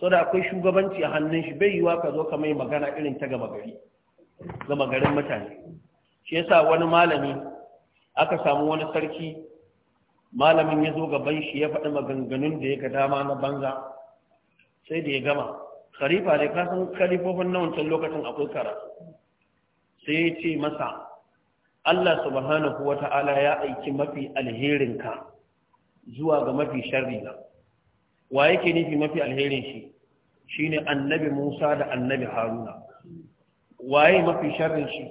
Speaker 1: so da akwai shugabanci a hannun shi bai yiwa ka zo ka mai magana irin ta gama gari gama garin mutane shi yasa wani malami aka samu wani sarki malamin ya zo gaban shi ya faɗi maganganun da ya ga dama na banza sai da ya gama khalifa ne ka san khalifofin na wancan lokacin akwai karatu sai ya ce masa Allah subhanahu wa ta'ala ya aiki mafi alherin ka zuwa ga mafi sharri na wa yake nufi mafi alherin shi shine annabi Musa da annabi Haruna waye mafi sharrin shi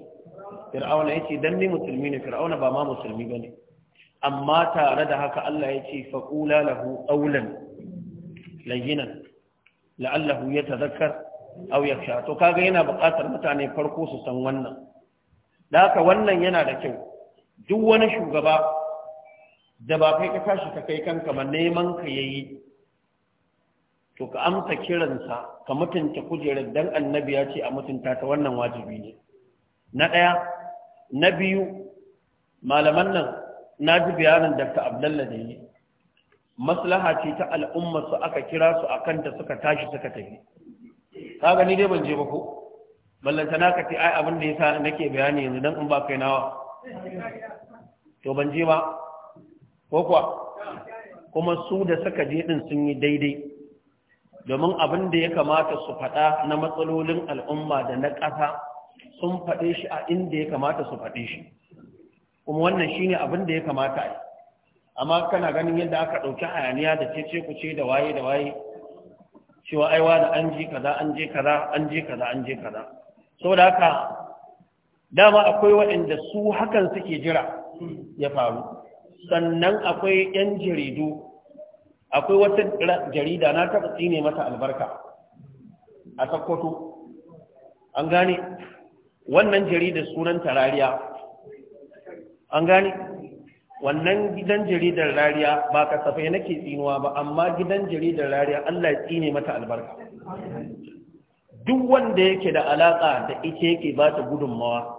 Speaker 1: fir'auna yace dan ni musulmi ne fir'auna ba ma musulmi bane amma tare da haka Allah yace faqula lahu qawlan layyinan la'allahu ya tazakkar aw sha to kaga yana buƙatar mutane farko su san wannan da haka wannan yana da kyau duk wani shugaba da ba kai ka tashi ka kai kanka ba neman ka yayi to ka amsa kiransa ka mutunta kujerar dan annabi ya ce a mutunta ta wannan wajibi ne na ɗaya na biyu malaman nan na ji bayanin dr Abdullahi da yi maslaha ce ta al'umma su aka kira su a kanta suka tashi suka tafi ka gani dai ban je ba ko ballanta na kace ai abin da yasa nake bayani yanzu dan in ba kai nawa to ban je ba ko kuwa kuma su da suka je din sun yi daidai domin abin da ya kamata su faɗa na matsalolin al'umma da na ƙasa sun faɗe shi a inda ya kamata su faɗe shi kuma wannan shine abin da ya kamata a amma kana ganin yadda aka ɗauki hayaniya da ce ku ce da waye da waye cewa aiwa da an je kaza an je kaza an je kaza an je kaza saboda haka dama akwai waɗanda su hakan suke jira ya faru sannan akwai 'yan jaridu akwai wata jarida na taɓa tsine mata albarka a sakkwato an gane wannan jarida sunan tarariya an gane wannan gidan jaridar rariya ba kasafai nake tsinuwa ba amma gidan jaridar rariya Allah ya tsine mata albarka duk wanda yake da alaka da ita yake ba ta gudunmawa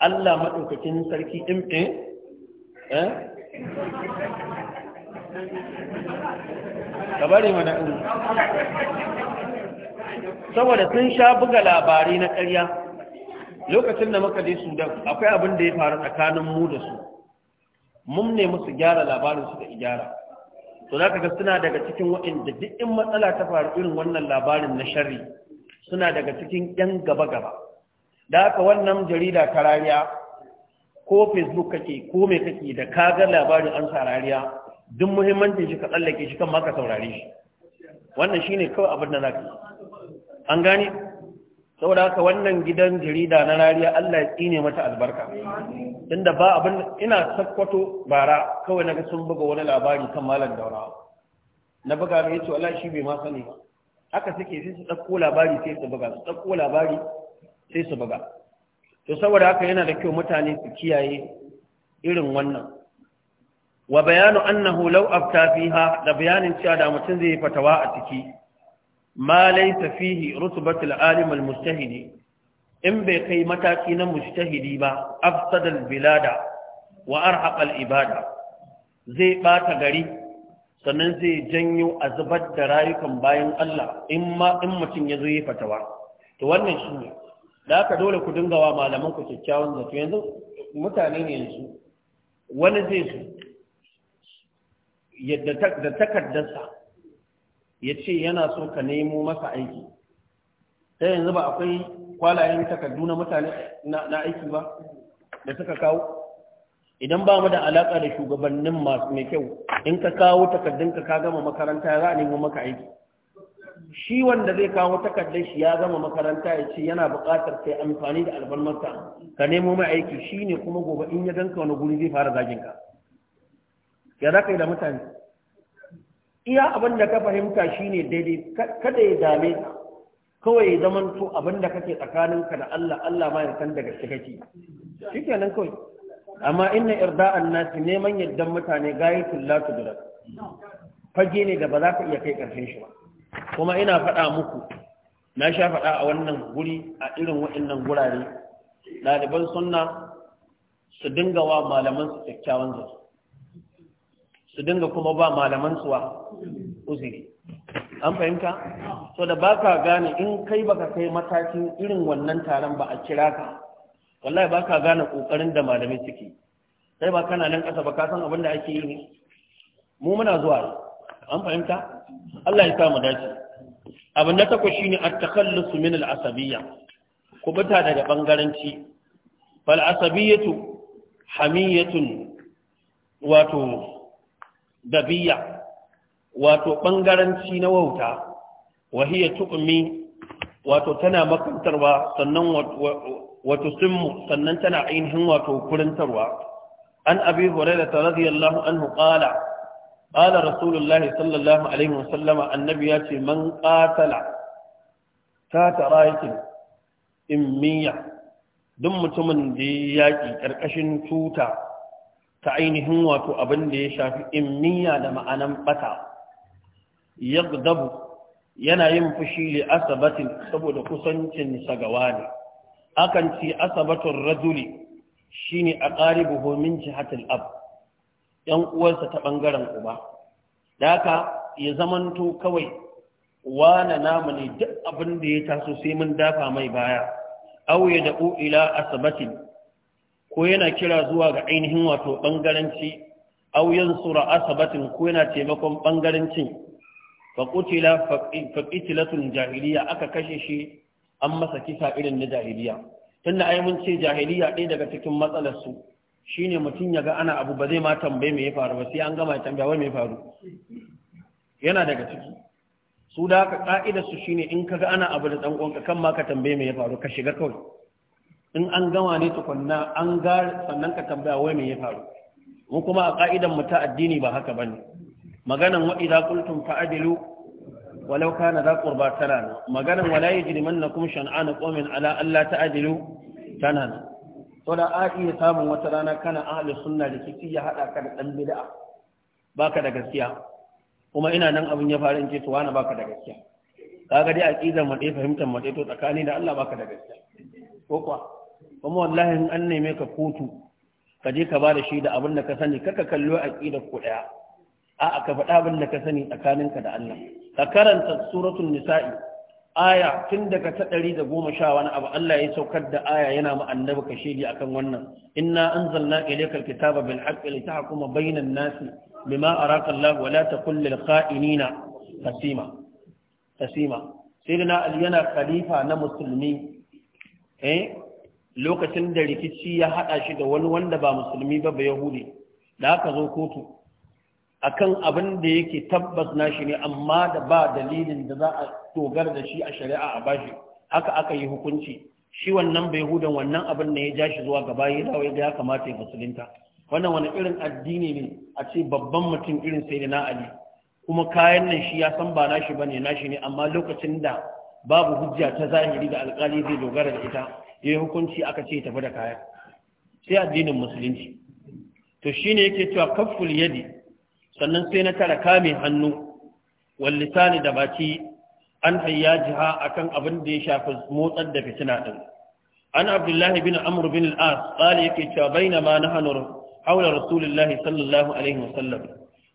Speaker 1: Allah maɗaukakin sarki ɗin eh? Eh? saboda sun sha buga labarai na ƙarya lokacin da muka je Sudan akwai abin da ya faru tsakanin mu da su mun ne musu gyara labarin su da igyara to za ka ga suna daga cikin waɗanda duk in matsala ta faru irin wannan labarin na sharri suna daga cikin ƴan gaba gaba da haka wannan jarida ta rariya ko facebook kake ko me kake da ka ga labarin an sa rariya duk muhimmancin shi ka tsallake shi kan ma ka saurare shi wannan shine kawai abin da za ka yi an gane saboda haka wannan gidan jarida na rariya Allah ya tsine mata albarka tunda ba abin ina sakkwato bara kawai naga sun buga wani labari kan malam daura na buga mai yace wallahi shi bai ma sani ba haka suke sai su dauko labari sai su buga su dauko labari sai su buga to saboda haka yana da kyau mutane su kiyaye irin wannan wa bayanu annahu law afta fiha da bayanin cewa da mutum zai fatawa a ciki ma laysa fihi rutbatul alim al mustahidi in bai kai mataki na mustahidi ba afsadal bilada wa arhaqal ibada zai bata gari sannan zai janyo a zubar da rayukan bayan Allah in ma in mutum ya zo ya fatawa to wannan shi ne da aka dole ku dinga wa malaman ku kyakkyawan zato yanzu mutane ne yanzu wani zai su yadda da takardarsa ya ce yana so ka nemo masa aiki sai yanzu ba akwai kwalayen takardu na mutane na aiki ba da suka kawo idan ba mu da alaka da shugabannin masu mai kyau in ka kawo takardun ka gama makaranta za a nemo maka aiki shi wanda zai kawo takardun shi ya gama makaranta ya ce yana buƙatar kai amfani da albarmarsa ka nemo mai aiki shine kuma gobe in ya ganka wani guri zai fara zagin ka ya za ka yi da mutane iya abin da ka fahimta shine daidai kada ya dame ka kawai ya zama to abin da kake tsakaninka da Allah Allah ma ya san daga shi kake shikenan kawai amma inna irda'an nasi neman yaddan mutane gayatul la dura fage ne da ba za ka iya kai karfin shi ba kuma ina faɗa muku na sha faɗa a wannan guri a irin waɗannan gurare ɗaliban sunna su dinga wa malaman su kyakkyawan zato su dinga kuma ba malaman suwa uzuri an fahimta so da baka gane in kai baka kai matakin irin wannan taron ba a kira ka wallahi baka gane kokarin da malamai suke sai ba kana nan kasa ba ka san abin da ake yi ne mu muna zuwa an fahimta Allah ya sa mu dace abin na takwas shine at-takhallus min al-asabiyya kubuta daga bangaranci fal asabiyatu hamiyatun wato dabiya wato ɓangaranci na wauta wahiya tuqmi wato tana makantarwa sannan wato simmu sannan tana ainihin wato kurantarwa an abi hurairah radiyallahu anhu qala qala rasulullahi sallallahu alaihi wasallama annabi ya ce man qatala ta tarayatin immiya duk mutumin da ya yaki karkashin tuta ta ainihin wato abin da ya shafi imniya da ma'anan bata yagdabu yana yin fushi li asabatin saboda kusancin sa ga wani akan ci asabatun rajuli shine aqaribuhu min jihatil ab yan uwarsa ta ɓangaren uba daka ya zamanto kawai wana namu ne duk abin da ya taso sai mun dafa mai baya aw da ila asabatin ko yana kira zuwa ga ainihin wato bangaranci aw yansura asabatin ko yana taimakon bangarancin fa qutila fa qitilatul jahiliya aka kashe shi an masa kisa irin na jahiliya tunda ai mun ce jahiliya ɗaya daga cikin matsalar su shine mutum ya ga ana abu ba zai ma tambaye me ya faru ba sai an gama ya tambaya wai me ya faru yana daga ciki su da ka ka'idar su shine in kaga ana abu da dan uwanka kan ma ka tambaye me ya faru ka shiga kawai in an gama ne tukunna an ga sannan ka tambaya wai me ya faru mu kuma a ka'idan mu ta addini ba haka bane maganan wa idza qultum fa'dilu walau kana za qurba tana maganan wala yajrimannakum shan'an qawmin ala alla ta'dilu tana to da a iya samun wata rana kana ahli sunna da kiki ya hada ka da dan bid'a baka da gaskiya kuma ina nan abin ya faru in ce to wani baka da gaskiya kaga dai aqidan mu dai fahimtar mu dai to tsakani da Allah baka da gaskiya ko kuwa kuma wallahi in an neme ka kotu ka je ka ba da shaida abin da ka sani kaka kallo aqidar ku daya a'a ka faɗa abin da ka sani tsakaninka da Allah ka karanta suratul nisa'i aya tun daga ta ɗari da goma sha wani abu Allah ya saukar da aya yana ma annabi ka shaida akan wannan inna anzalna ilaykal kitaba bil haqqi litahkuma bainan nasi bima araka Allah wa la takul lil kha'inina qasima qasima sayyidina ali yana khalifa na musulmi eh lokacin da rikici ya haɗa shi da wani wanda ba musulmi ba ba yahudi da aka zo kotu akan abin da yake tabbas nashi ne amma da ba dalilin da za a dogara da shi a shari'a a bashi haka aka yi hukunci shi wannan bai hudan wannan abin da ya ja shi zuwa gaba ya dawo ya kamata ya musulunta wannan wani irin addini ne a ce babban mutum irin sai na ali kuma kayan nan shi ya san ba nashi bane nashi ne amma lokacin da babu hujja ta zahiri da alƙali zai dogara da ita yi hukunci aka ce tafi da kaya sai addinin musulunci to shine yake cewa kafful yadi sannan sai na tara kame hannu wallisani da baki an a akan abin da ya shafi motsar da fitina din an abdullahi bin Amur, bin al-as yake cewa bainama nahnu haula rasulullahi sallallahu alaihi wasallam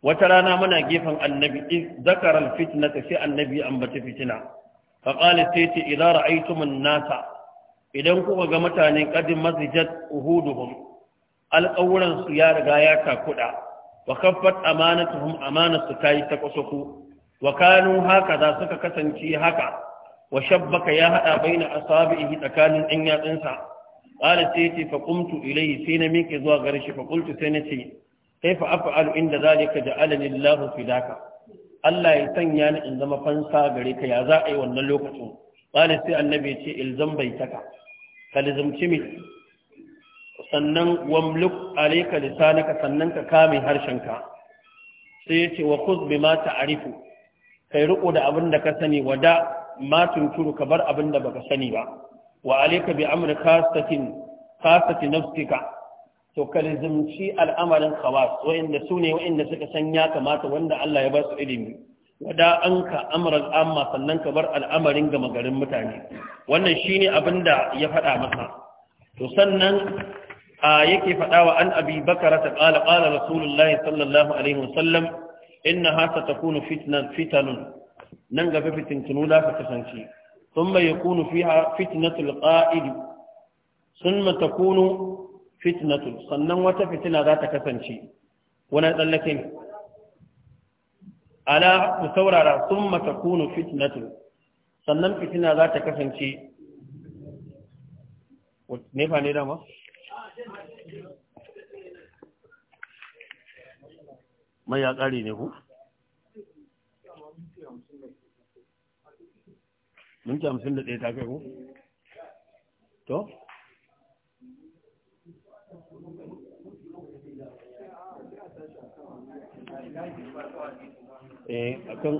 Speaker 1: wata rana muna gefen annabi zakara al sai annabi ambata fitina fa sai sayti idza ra'aytum nasa idan kuka ga mutane qadin masjid uhuduhum alqawran su ya riga ya takuda wa kaffat amanatuhum amanatu kai ta kusuku wa kanu hakaza suka kasance haka wa shabbaka ya hada baina asabihi tsakanin ɗan yatsunsa? qala sayti fa qumtu ilayhi sai na miƙe zuwa gare shi fa qultu sai na ce kaifa af'alu inda zalika ja'alani Allah fidaka Allah ya sanya ni in zama fansa gare ka ya za a yi wannan lokacin qala sai annabi ya ce ilzam baitaka ka lizumci mi sannan wamluk alayka lisanaka sannan ka kame harshenka sai ya ce wa khudh bima ta'rifu kai riko da abin da ka sani wada ma tunturu ka bar abin da baka sani ba wa alayka bi amri khasatin khasati nafsika to ka lizumci al'amarin khawas wa'inda sune wa'inda suka san ya kamata wanda Allah ya ba su ilimi wada an ka amuran amma sannan ka bar al'amarin gama garin mutane wannan shi ne abin da ya faɗa masa to sannan a yake faɗa wa an abi bakara ta ƙala ƙala rasulullahi sallallahu alaihi wasallam inna hasa ta kunu fitanun nan gaba tunu za ka kasance Sun ثم يكون فيها ƙa'idu القائد ثم kunu فتنة sannan wata fitina za ta kasance wani tsallake ala ku saurara sun matakunu fitnatu sannan fitina za ta kasance nefa ne dama? mai ya ƙari ne ku? minti hamsin da ɗaya ta kai ku? to? Thank you. eh akan